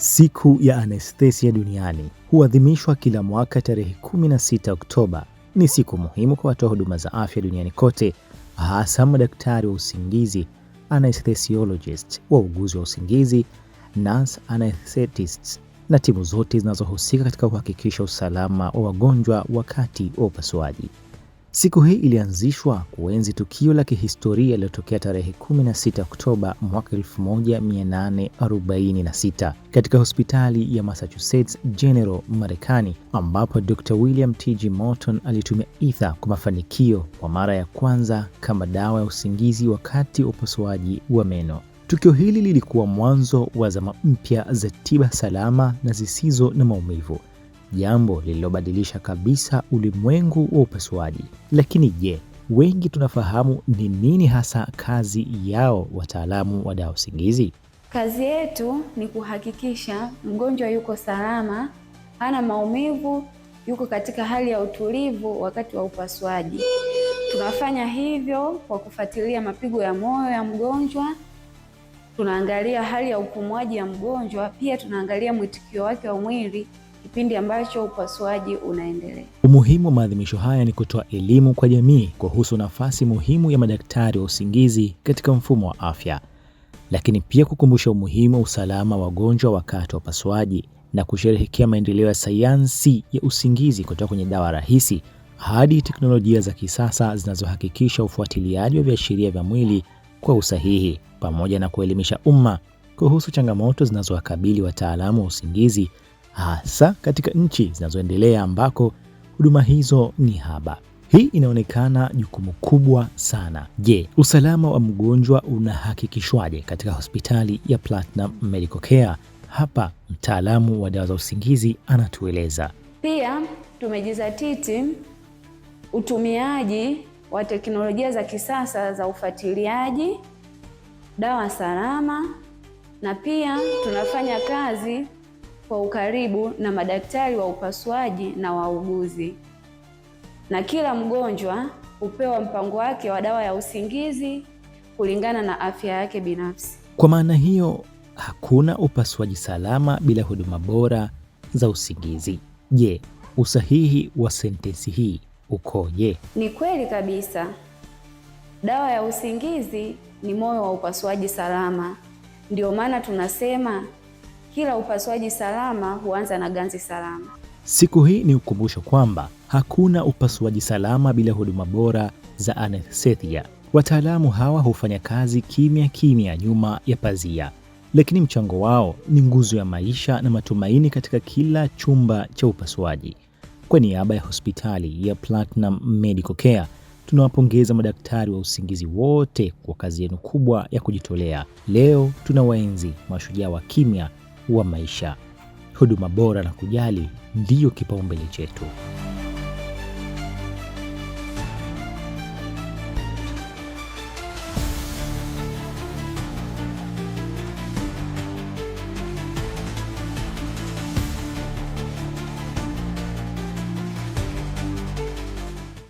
Siku ya Anestesia Duniani huadhimishwa kila mwaka tarehe 16 Oktoba. Ni siku muhimu kwa watoa huduma za afya duniani kote, hasa madaktari wa usingizi anesthesiologist, wauguzi wa usingizi nurse anesthetists, na timu zote zinazohusika katika kuhakikisha usalama wa wagonjwa wakati wa upasuaji. Siku hii ilianzishwa kuenzi tukio la kihistoria lililotokea tarehe 16 Oktoba mwaka 1846 katika hospitali ya Massachusetts General, Marekani, ambapo Dr. William T.G. Morton alitumia ether kwa mafanikio kwa mara ya kwanza kama dawa ya usingizi wakati wa upasuaji wa meno. Tukio hili lilikuwa mwanzo wa zama mpya za tiba salama na zisizo na maumivu jambo lililobadilisha kabisa ulimwengu wa upasuaji. Lakini je, wengi tunafahamu ni nini hasa kazi yao wataalamu wa dawa usingizi? Kazi yetu ni kuhakikisha mgonjwa yuko salama, hana maumivu, yuko katika hali ya utulivu wakati wa upasuaji. Tunafanya hivyo kwa kufuatilia mapigo ya moyo ya mgonjwa, tunaangalia hali ya upumuaji ya mgonjwa, pia tunaangalia mwitikio wake wa mwili kipindi ambacho upasuaji unaendelea. Umuhimu wa maadhimisho haya ni kutoa elimu kwa jamii kuhusu nafasi muhimu ya madaktari wa usingizi katika mfumo wa afya, lakini pia kukumbusha umuhimu wa usalama wa wagonjwa wakati wa upasuaji na kusherehekea maendeleo ya sayansi ya usingizi kutoka kwenye dawa rahisi hadi teknolojia za kisasa zinazohakikisha ufuatiliaji wa viashiria vya mwili kwa usahihi, pamoja na kuelimisha umma kuhusu changamoto zinazowakabili wataalamu wa usingizi hasa katika nchi zinazoendelea ambako huduma hizo ni haba. Hii inaonekana jukumu kubwa sana. Je, usalama wa mgonjwa unahakikishwaje katika hospitali ya Platinum Medical Care? Hapa mtaalamu wa dawa za usingizi anatueleza. Pia tumejizatiti utumiaji wa teknolojia za kisasa za ufuatiliaji dawa salama, na pia tunafanya kazi kwa ukaribu na madaktari wa upasuaji na wauguzi, na kila mgonjwa hupewa mpango wake wa dawa ya usingizi kulingana na afya yake binafsi. Kwa maana hiyo, hakuna upasuaji salama bila huduma bora za usingizi. Je, usahihi wa sentensi hii ukoje? Ni kweli kabisa, dawa ya usingizi ni moyo wa upasuaji salama. Ndiyo maana tunasema kila upasuaji salama huanza na ganzi salama. Siku hii ni ukumbusho kwamba hakuna upasuaji salama bila huduma bora za anesthesia. Wataalamu hawa hufanya kazi kimya kimya nyuma ya pazia, lakini mchango wao ni nguzo ya maisha na matumaini katika kila chumba cha upasuaji. Kwa niaba ya hospitali ya Platinum Medical Care tunawapongeza madaktari wa usingizi wote kwa kazi yenu kubwa ya kujitolea. Leo tunawaenzi mashujaa wa kimya wa maisha. Huduma bora na kujali ndiyo kipaumbele chetu.